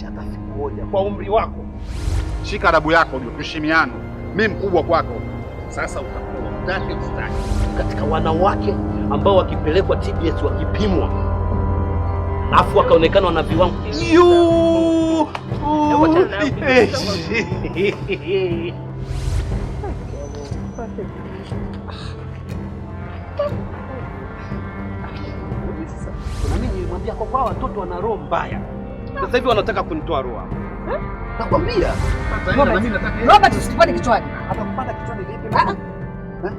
kuishi hata siku moja kwa umri wako. Shika adabu yako, ujue kuheshimiana. Mi mkubwa kwako, sasa utakuwa utake ustake katika wanawake ambao wakipelekwa TBS wakipimwa afu wakaonekana wana viwango kwa watoto wana roho mbaya sasa hivi wanataka kunitoa roho. Eh? Nakwambia. Robert, usitupane kichwani. Atakupata kichwani vipi? Ah, ah. Eh?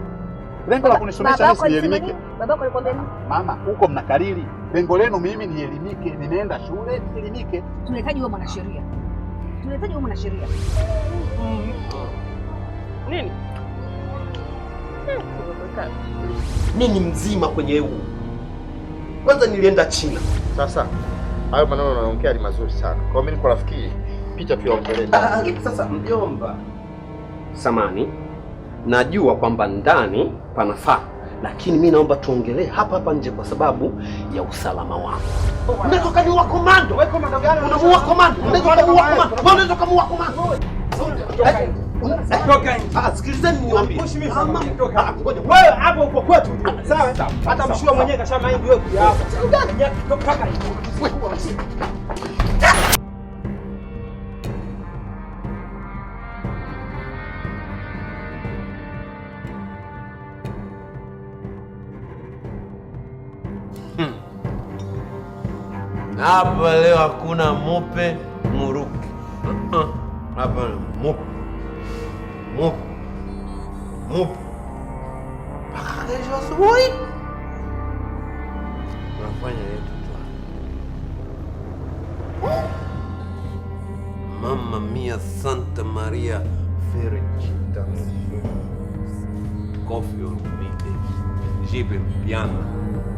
Lengo la kunisomesha mimi nielimike. Babako alikwambia nini? Mama, huko mnakariri. Lengo lenu mimi nielimike, nimeenda shule nielimike. Tunahitaji wewe mwanasheria. Tunahitaji wewe mwanasheria. Nini? Mimi ni mzima kwenye huu. Kwanza nilienda China. Sasa hayo maneno unaongea ni mazuri sana. Kwa mimi niko rafiki picha pia yaongelee. Ah, ah sasa mjomba, samani, najua kwamba ndani panafaa, lakini mimi naomba tuongelee hapa hapa nje kwa sababu ya usalama wako. Unatoka ni wa komando. Wewe komando gani? Unamuua komando. Unaweza kumuua komando. Unaweza kumuua komando. Toka ah, Sikilizeni ah, Wewe hapo uko kwetu. Ah, sawa? Hata mshua mwenyewe wewe kuja. Toka hmm. Hapa leo hakuna mope muruki. Hapa mope Mupo mupo mpaka kesho asubuhi, unafanya yetu twa mama mia Santa Maria Fericita kofi orumide jipe mpiana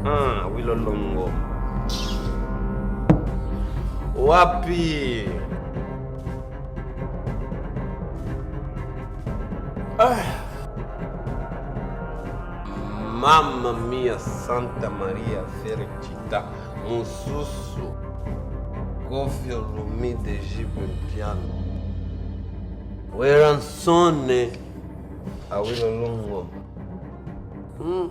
ah, wilolongo wapi? Mama mia Santa Maria Felicita Mususu Kofio Lumi de wera nsone Awilolongo. Hmm.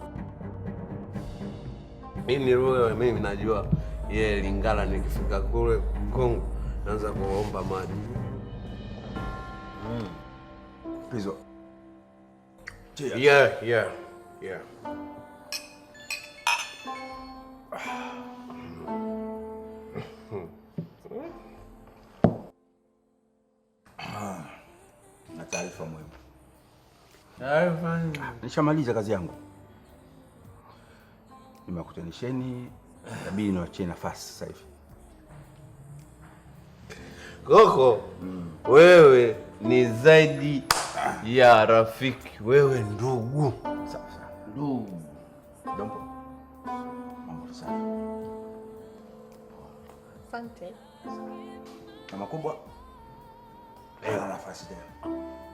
Mimi roho mimi najua ye Lingala, nikifika kule Kongo naanza kuomba maji hmm. Yeah. Yeah, yeah, yeah. Ah, na taarifa nishamaliza kazi yangu, nimekutanisheni, inabidi niwachie nafasi sasa hivi. Koko, mm. Wewe ni zaidi ya rafiki, wewe ndugu. Sasa ndugu Dombo, Asante na makubwa leo nafasi tena,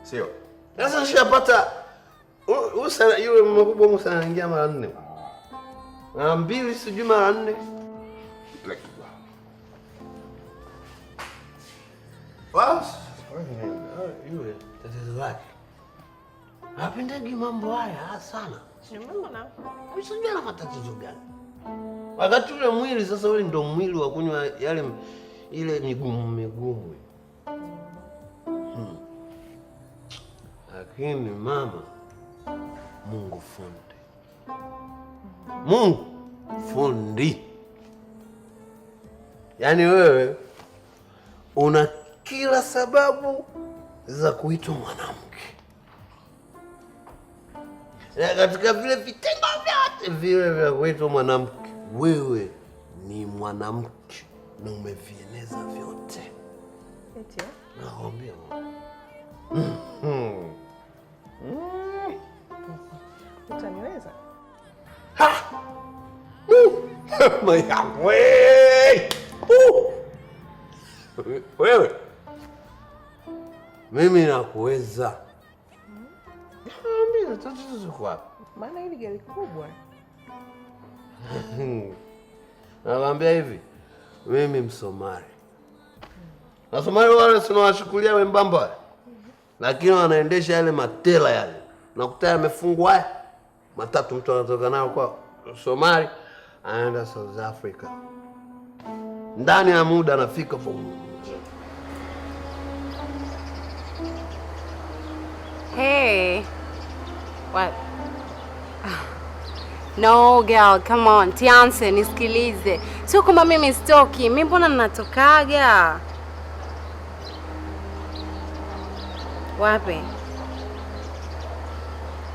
sio sasa shapata usa yule makubwa musa anaingia mara nne mara mbili sijui mara nne basi tatizo lake. Hapendagi mambo haya sana. Nimeona. na matatizo gani? Wakati ule mwili sasa ule ndio mwili wa kunywa yale ile migumu migumu. Hmm. Lakini mama, Mungu fundi. Mungu fundi. Yaani wewe una kila sababu za kuitwa mwanamke, na katika vile vitengo vyote vile vya kuitwa mwanamke, wewe ni mwanamke na umevieneza vyote. Eh? Nakwambia mm-hmm. utaniweza wewe mimi nakuweza. Maana hili gari kubwa. Nakwambia hivi, mimi Msomali na Somali wale sinawashukulia wembamba, lakini wanaendesha yale matela yale, nakuta yamefungwa matatu, mtu anatoka nayo kwa Somali anaenda South Africa, ndani ya muda anafika fomu Hey. What? No girl, come on. Tianse, nisikilize. Sio kwamba mimi sitoki. Mimi mbona ninatokaga? Wapi?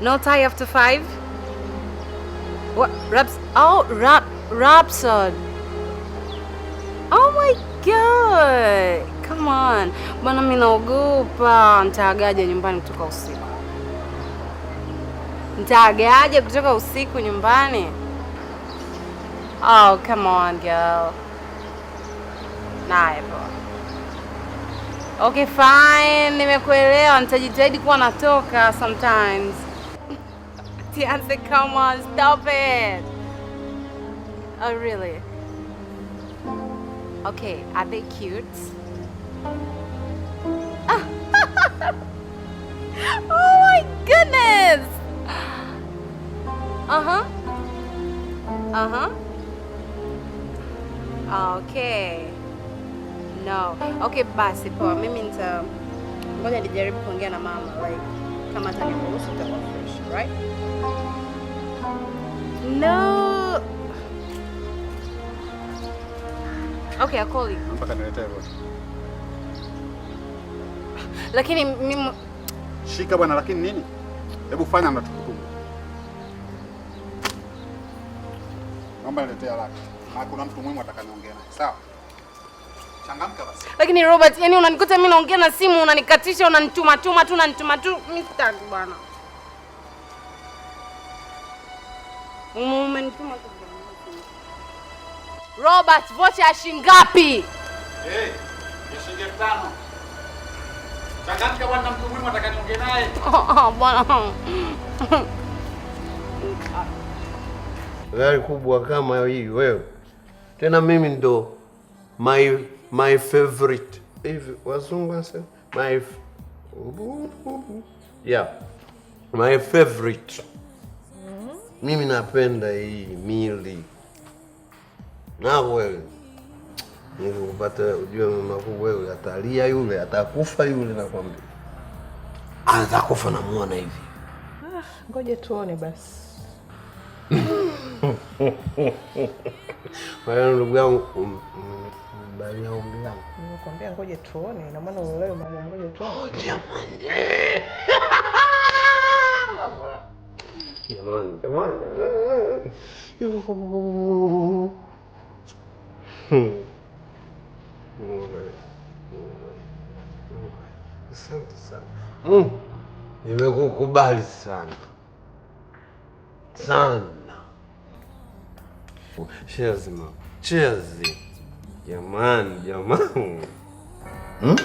No tie after five? What? Raps oh, rap Rhapsod. Oh my god. Come on. Bwana mimi naogopa, nitaagaje nyumbani kutoka usiku? Nitaagaje kutoka usiku nyumbani? Oh, come on girl. Naye bro. Okay, fine. Nimekuelewa, nitajitahidi kuwa natoka sometimes. Tianze, come on, stop it. Oh, really? Okay, are they cute? oh my goodness. Uh-huh. Uh-huh. Okay. No. Okay, basi poa. Mimi nita ngoja nijaribu kuongea na mama like kama ataniruhusu tutakuwa fresh, right? No. Okay, I'll call you. Mpaka niletee lakini mimi shika bwana, lakini nini? Hebu fanya na mnachokutuma. Naomba niletee haraka. Na kuna mtu muhimu atakaniongea naye. Sawa? Changamka basi. Lakini Robert, yani unanikuta mimi naongea na simu unanikatisha, unanituma tuma tu unanituma tu. Mimi sitaki bwana. Umenituma tu. Robert, vocha ya shilingi ngapi? Eh, hey, ya shilingi 5 gari kubwa kama hii wewe tena, mimi ndo my my favorite hivi wazungu wanasema my yeah my favorite Mimi napenda hii mili na wewe ili yaani upate ujue mama wewe, atalia yule, atakufa yule, nakwambia atakufa, namuona hivi. Ah, ngoje tuone basi. Kwa ndugu yangu mbalia um, umri yangu, nimekwambia ngoje tuone, ina maana uelewe mama, ngoje tuone oh, jamani, jamani sana Mm. nimekukubali sana sana. Cheers ma, cheers jamani, jamani hmm?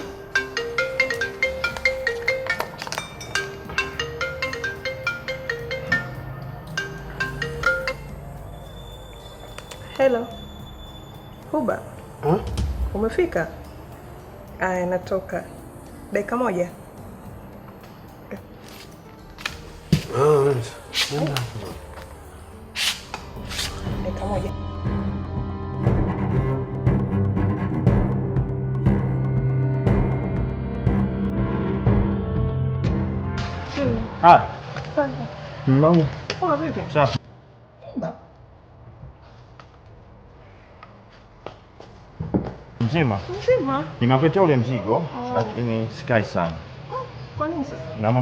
Hello Huba Hmm? Umefika? Aya, natoka dakika moja. Ah, não. de Não. já. Não gel. não. Não. Porra, não. cá. Já. Mzima. Mzima. Ningavete ule mzigo oh. lakini sikaisana. Oh, kwa nini sasa? Namba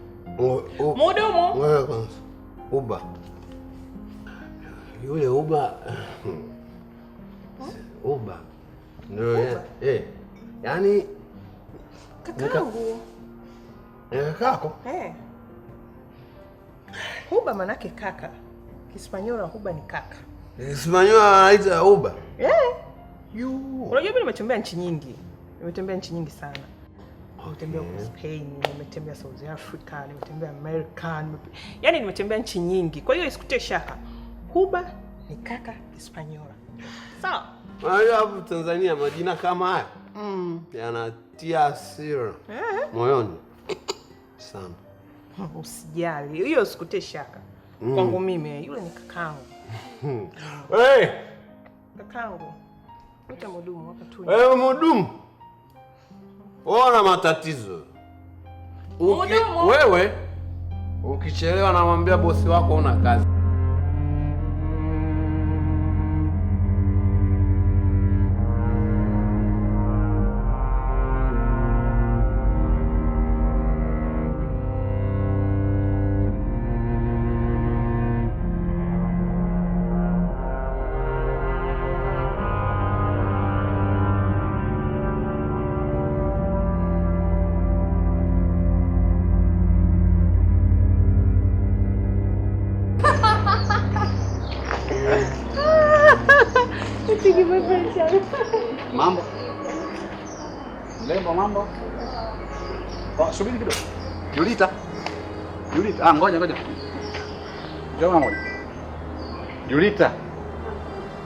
Mhudumu wewe kwanza. Uba yule Uba hmm? Uba ndio eh, yaani kakaangu kakako eh. eh. Uba manake kaka, Kispanyola Uba ni kaka. Kispanyola wanaita Uba eh. Unajua mimi nimetembea nchi nyingi, nimetembea nchi nyingi sana nimetembea okay. Spain, nimetembea South Africa, nimetembea America, nimetembea... yaani nimetembea nchi nyingi. Kwa hiyo isikutie shaka, Kuba ni kaka Hispaniola, sawa? Hapo Tanzania majina kama haya mm. yanatia hasira eh, moyoni sana. Usijali hiyo, isikutie shaka mm. kwangu mimi yule ni kakangu hey. kakangu mudumu ona matatizo Uki, wewe ukichelewa namwambia bosi wako una kazi. subiri kidogo. Julita. Julita. Ah, ngoja ngoja. Njoo ngoja. Julita.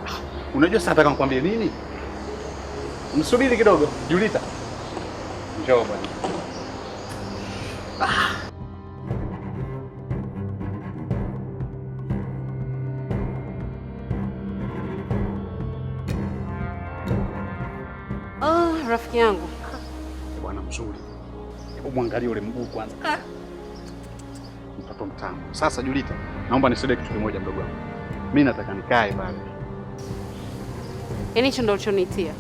Ah, unajua sasa nataka nikwambie nini? Msubiri kidogo. Julita. Njoo bwana. Ah. Oh, rafiki yangu bwana mzuri umwangalie ule mguu kwanza. Ah. Mtoto mtamu. Sasa Julita, naomba nisaidie kitu kimoja mdogo wangu. Mimi nataka nikae pale. Yaani hicho ndio ulichonitia.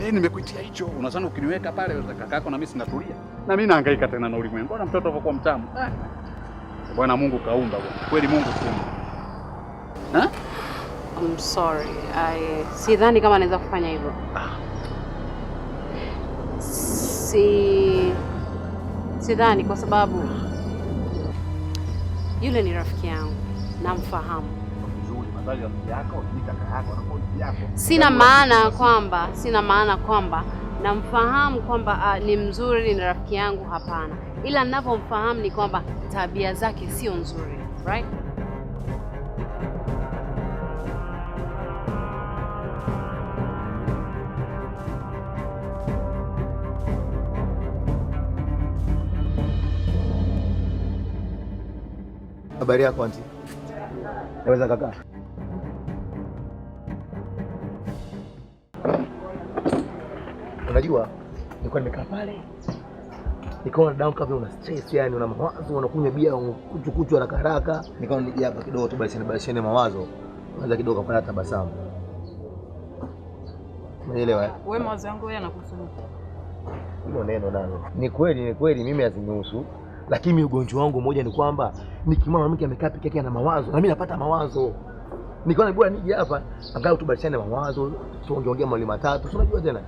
Eh, nimekuitia hicho. Unadhani ukiniweka pale kakako na mimi sinatulia. Na mimi naangaika tena na ulimwengu. Bwana mtoto alivyokuwa mtamu. Ah. Bwana Mungu kaumba bwana. Kweli Mungu kaumba. Ha? I'm sorry. I sidhani kama naweza kufanya hivyo. Ah. See. Sidhani, kwa sababu yule ni rafiki yangu, namfahamu. Sina maana kwamba sina maana kwamba namfahamu kwamba ah, ni mzuri, ni rafiki yangu, hapana, ila ninavyomfahamu ni kwamba tabia zake sio nzuri, right? Habari yako anti. Naweza kaka? Unajua nilikuwa nimekaa pale nikaona down kama una stress, yani una mawazo, unakunywa bia kuchukuchu haraka haraka, nikaona nije hapa kidogo tu basi nibadilishane mawazo, kwanza kidogo kapata tabasamu. Unaelewa? Eh? Wewe mawazo yangu wewe yanakusumbua. Hilo neno nalo. Ni kweli, ni kweli mimi hazinihusu lakini ugonjwa wangu mmoja ni kwamba nikimwona mwanamke amekaa peke yake ana mawazo, na mimi napata mawazo, nikaona bora niji hapa angalau tubadilishane mawazo, tuongeongea mawili matatu, si unajua tena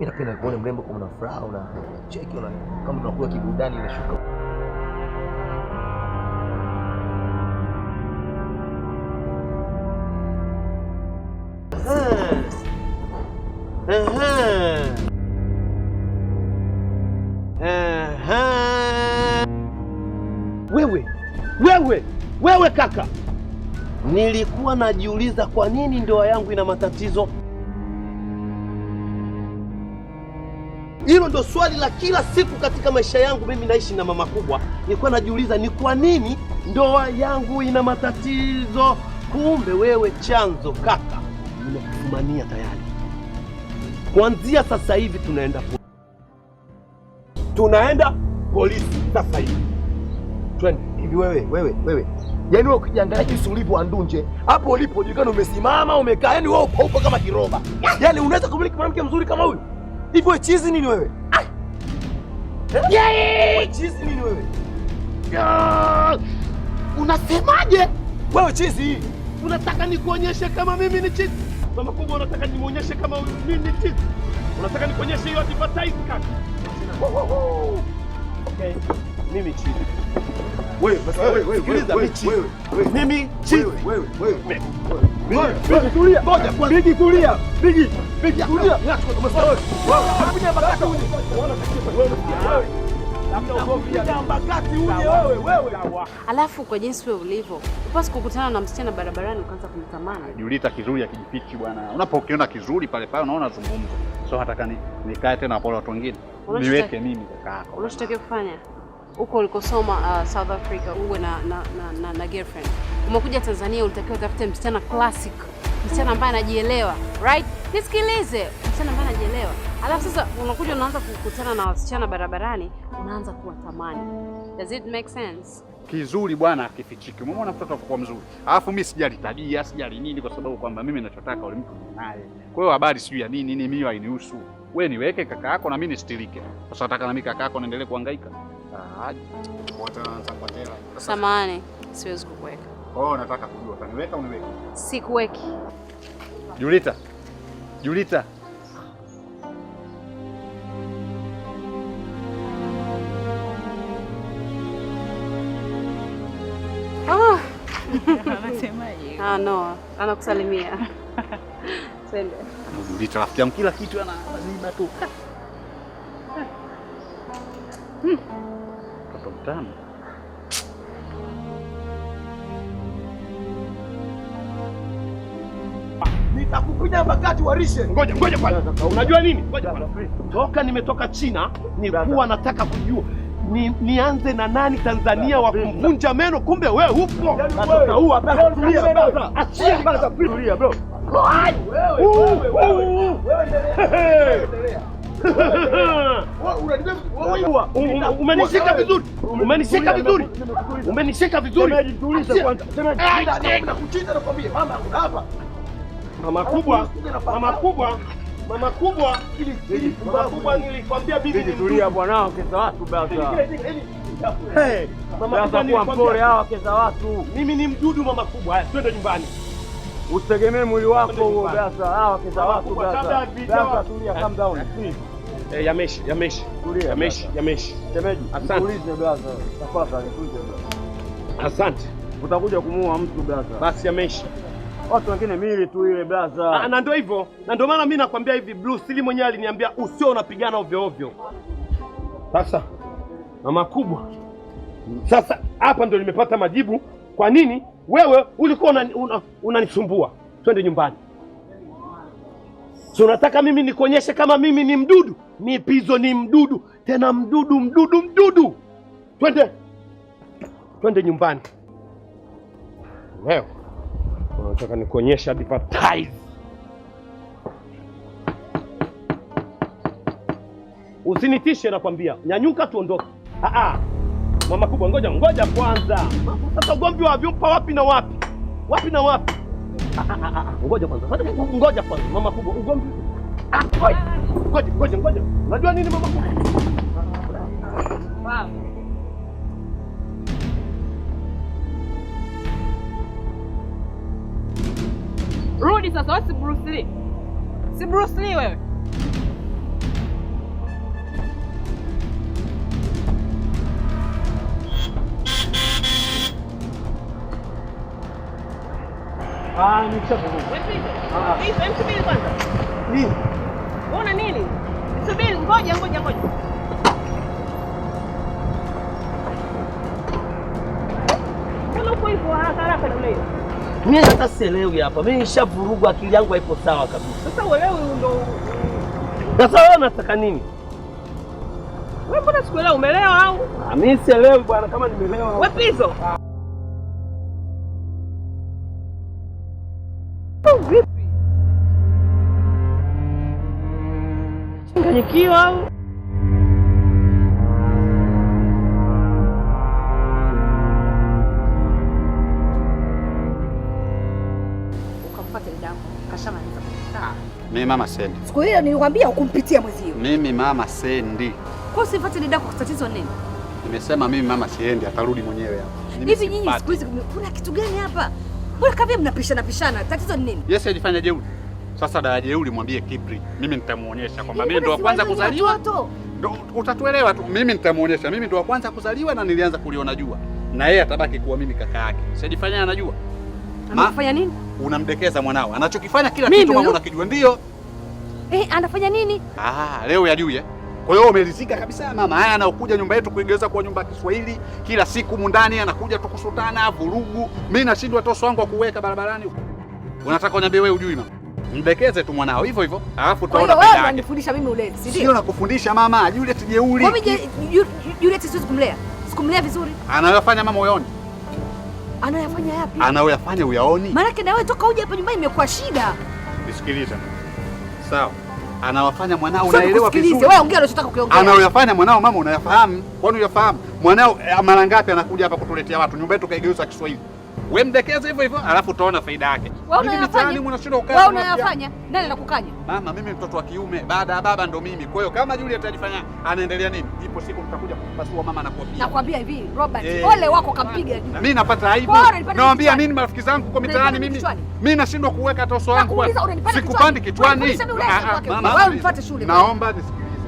napenda kuona mrembo kama una furaha una cheki una kama unakuwa kiburudani inashuka nilikuwa najiuliza kwa nini ndoa yangu ina matatizo. Hilo ndo swali la kila siku katika maisha yangu. Mimi naishi na mama kubwa, nilikuwa najiuliza ni kwa nini ndoa yangu ina matatizo. Kumbe wewe chanzo kaka, nimekufumania tayari. Kuanzia sasa hivi tunaenda po, tunaenda polisi sasa hivi, twende hivi wewe wewe wewe, yaani wewe ukijiangalia jinsi ulivyo andunje hapo ulipo, jikana umesimama umekaa, yaani wewe upo upo kama kiroba. Yaani unaweza kumiliki mwanamke mzuri kama huyu hivi? Wewe chizi nini wewe? Eh? Yeye chizi nini wewe? Unasemaje wewe chizi? Unataka nikuonyeshe kama mimi ni chizi? Mama kubwa, unataka nimuonyeshe kama mimi ni chizi? Unataka nikuonyeshe hiyo advertise kaka? Okay, mimi chizi alafu kwa jinsi wewe ulivyo upasi kukutana na msichana barabarani ukaanza kumtamani. Julieta kizuri akijifichi bwana, unapokiona kizuri pale pale unaona zungumzo, so hataka nikae tena pole watu wengine niweke mimi kaka yako. Unachotakiwa kufanya huko ulikosoma uh, South Africa uwe na, na, na, na, na girlfriend. Umekuja Tanzania ulitakiwa utafute msichana classic, msichana ambaye anajielewa right? Nisikilize, msichana ambaye anajielewa. Alafu sasa unakuja unaanza kukutana na wasichana barabarani, unaanza kuwatamani. Does it make sense? Kizuri bwana akifichiki. Umeona mtoto kwa mzuri. Alafu mimi sijali tabia, sijali nini kwa sababu kwamba mimi ninachotaka ule mtu naye. Kwa hiyo habari sijui ya nini nini mimi hainihusu. Wewe niweke kaka yako na mimi nistirike. Sasa nataka na mimi kaka yako naendelee kuhangaika. Samahani, siwezi kukuweka. Oh, nataka kujua utaniweka uniweke? Sikuweki. Julita, Julita. Oh. Ah, no, anakusalimia. Twende. Julita rafiki yangu kila kitu anaziba tu. Hmm mtoto mtamu. Nitakukunya Ngoja ngoja kwanza. Unajua nini? Ngoja Toka nimetoka China, nilikuwa nataka kujua ni, nianze na nani Tanzania wa kumvunja meno, kumbe wewe upo. Achia Umenishika vizuri, umenishika vizuri, umenishika vizuri. Mama kubwa, mama kubwa, mama kubwa, nilikwambia bibi, tulia bwana, kesa watu basi, kuwa mpole hawa kesa watu. Mimi ni mdudu mama kubwa. Haya, twende nyumbani. Usitegemee mwili wako huo basi. Hawa kesa watu basi. Basi tulia, calm down. Please. Eh, yameshi, yameshi. Kulia. Yameshi, yameshi. Shemeji, Tafadhali nikuulize Asante. Utakuja kumuua mtu brother. Basi yameshi. Watu wengine mili tu ile Ah, Na ndio hivyo. Na ndio maana mimi nakwambia hivi Bruce Lee mwenyewe aliniambia usio unapigana ovyo ovyo. Sasa mama kubwa. Sasa hapa ndio nimepata majibu kwa nini wewe ulikuwa unanisumbua. Una, una Twende nyumbani. Si unataka mimi nikuonyeshe kama mimi ni mdudu? mipizo ni mdudu, tena mdudu mdudu mdudu. Twende, twende nyumbani. Wewe unataka nikuonyeshe advertise? Usinitishe, nakwambia, nyanyuka tuondoke. Aa, ah, ah. mama kubwa, ngoja ngoja kwanza. Sasa ugomvi wa vyupa wapi na wapi, wapi na wapi? Ngoja kwanza, ngoja kwanza, mama kubwa, ah, ugomvi. Ngoja, ngoja, ngoja. Unajua nini mama kubwa? Rudi sasa, si Bruce Lee, si Bruce Lee wewe Ah, msubiri ah. kwanza. Una nini? Subiri, ngoja ngoja ngoja. Mimi hata sielewi hapa. Mimi nishavurugwa, akili yangu haipo sawa kabisa. Sasa uelewi ndo. Sasa wewe unataka nini? Wewe mbona sikuelewa, umelewa au? Ah, mimi sielewi bwana, kama nimelewa. Wewe pizo. Ah. kufanikiwa au Mimi mama sendi. Siku hiyo nilikwambia ukumpitia mwezio. Mimi mama sendi. Kwa nini usifuate dada kwa tatizo nini? Nimesema mimi mama siendi, atarudi mwenyewe hapa. Hivi nyinyi siku hizi kuna kitu gani hapa? Mbona kavia mnapishana pishana? Tatizo ni nini? Yes, ajifanya jeuri. Sasa daraja uli mwambie Kipri, mimi nitamuonyesha kwamba mimi ndo wa kwanza kuzaliwa. Ndo utatuelewa tu. Mimi nitamuonyesha, mimi ndo wa kwanza kuzaliwa na nilianza kuliona jua, na yeye atabaki kuwa mimi kaka yake. Sijifanya anajua anafanya nini. Unamdekeza mwanao, anachokifanya kila kitu mama unakijua. Ndio eh, anafanya nini? Ah, leo yajui eh kwa hiyo umeridhika kabisa mama? Haya, anaokuja nyumba yetu kuigeuza kwa nyumba ya Kiswahili, kila siku mundani anakuja tukusutana, vurugu. Mimi nashindwa toso wangu wa kuweka barabarani. Unataka uniambie wewe ujui mama? Mdekeze tu mwanao hivyo hivyo, alafu tuona tunaona wewe unanifundisha mimi ulezi, si ndio? Sio nakufundisha mama, Juliet jeuri. Mimi Juliet siwezi kumlea. Sikumlea vizuri. Anayofanya mama uyaoni? Anayofanya yapi? Anayofanya uyaoni? Maana na wewe toka uje hapa nyumbani imekuwa shida. Nisikiliza. Sawa. Anawafanya mwanao unaelewa vizuri. Wewe ongea unachotaka kuongea. Anayoyafanya mwanao mama unayafahamu. Kwani unayafahamu? Mwanao eh, mara ngapi anakuja hapa kutuletea watu? Nyumba yetu kaigeuza Kiswahili. We mdekeze hivyo hivyo, alafu utaona faida yake. Unayofanya nani kukanya? Mama, mimi mtoto wa kiume baada ya baba ndo mimi. Kwa hiyo kama Juliet alifanya anaendelea nini, ipo siku mtakuja kupasua mama. na kuapia. nakwambia hivi Robert, eh, ole wako kampiga juu. Mimi napata aibu, Naambia nini marafiki zangu kwa mitaani, mimi mimi nashindwa kuweka hata uso wangu, sikupandi kichwani. Ah, ah, naomba nisikilize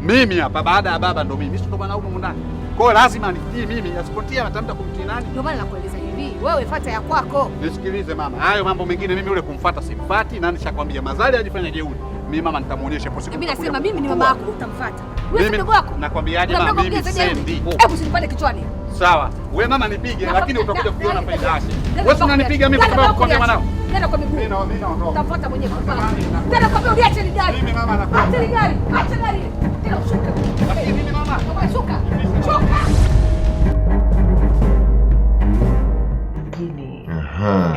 mimi hapa, baada ya baba ndo mimi, sio ndo bwana huko ndani. Kwa hiyo lazima nitii mimi, asipotia atamta kumtii nani? Ndio maana nakueleza hivi, wewe fata ya kwako. Nisikilize mama, hayo mambo mengine mimi ule kumfata simfati, na nishakwambia mazali ajifanya jeuri. Mimi mama nitamuonyesha hapo siku. Mimi nasema mimi ni mama yako, utamfuata. Wewe ndugu yako. aje mama, mimi sendi. Hebu usinipande kichwani. Sawa. Wewe mama nipige, lakini utakuja kuona faida yake. Wewe unanipiga mimi kwa sababu kwa mwanao. Tena kwa miguu. Mimi naondoka. Utafuata mwenyewe. Nenda kwa miguu, niache ni gari. Mimi mama nakwambia. Acha gari. Acha gari. Tena ushuka. Lakini mimi mama. mama. Shuka. Shuka. Unakaa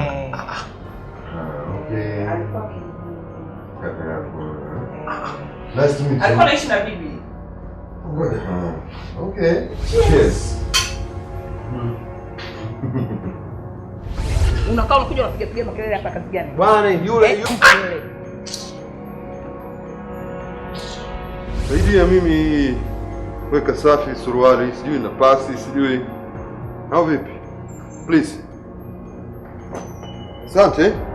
unakuja unapiga piga makelele hapa kazi gani? Bwana yule eh? yule. mimi weka safi suruali, sijui na pasi, sijui. Au vipi? Please. Asante.